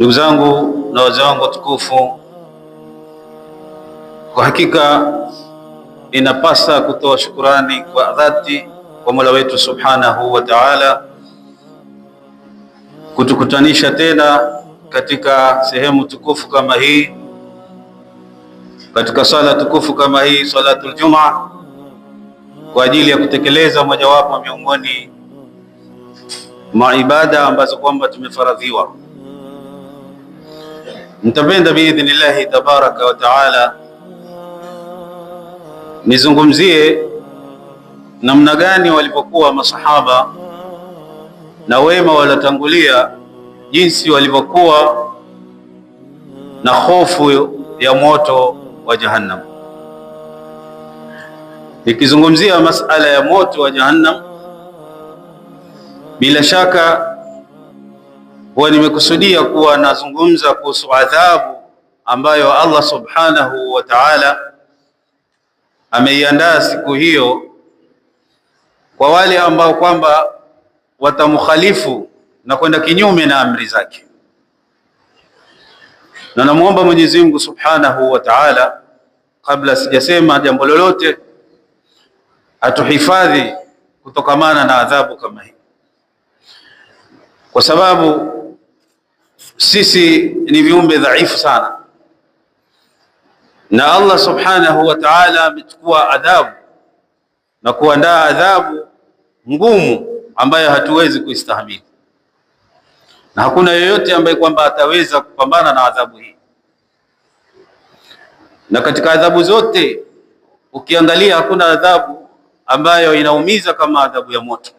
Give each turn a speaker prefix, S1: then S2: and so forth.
S1: Ndugu zangu na wazee wangu watukufu, kwa hakika inapasa kutoa shukurani kwa dhati kwa Mola wetu Subhanahu wa Ta'ala kutukutanisha tena katika sehemu tukufu kama hii, katika sala tukufu kama hii, salatul Juma, kwa ajili ya kutekeleza mojawapo miongoni mwa ibada ambazo kwamba tumefaradhiwa Nitapenda biidhnillahi tabaraka wa taala nizungumzie namna gani walivyokuwa masahaba na wema waliotangulia, jinsi walivyokuwa na hofu ya moto wa Jahannam. Nikizungumzia masala ya moto wa Jahannam, bila shaka huwa nimekusudia kuwa nazungumza kuhusu adhabu ambayo Allah subhanahu wa ta'ala ameiandaa siku hiyo kwa wale ambao kwamba watamkhalifu na kwenda kinyume na amri zake, na namwomba Mwenyezi Mungu subhanahu wa ta'ala, kabla sijasema jambo lolote, atuhifadhi kutokamana na adhabu kama hii, kwa sababu sisi ni viumbe dhaifu sana, na Allah subhanahu wa ta'ala amechukua adhabu na kuandaa adhabu ngumu ambayo hatuwezi kuistahimili, na hakuna yoyote ambaye kwamba ataweza kupambana na adhabu hii. Na katika adhabu zote ukiangalia, hakuna adhabu ambayo inaumiza kama adhabu ya moto.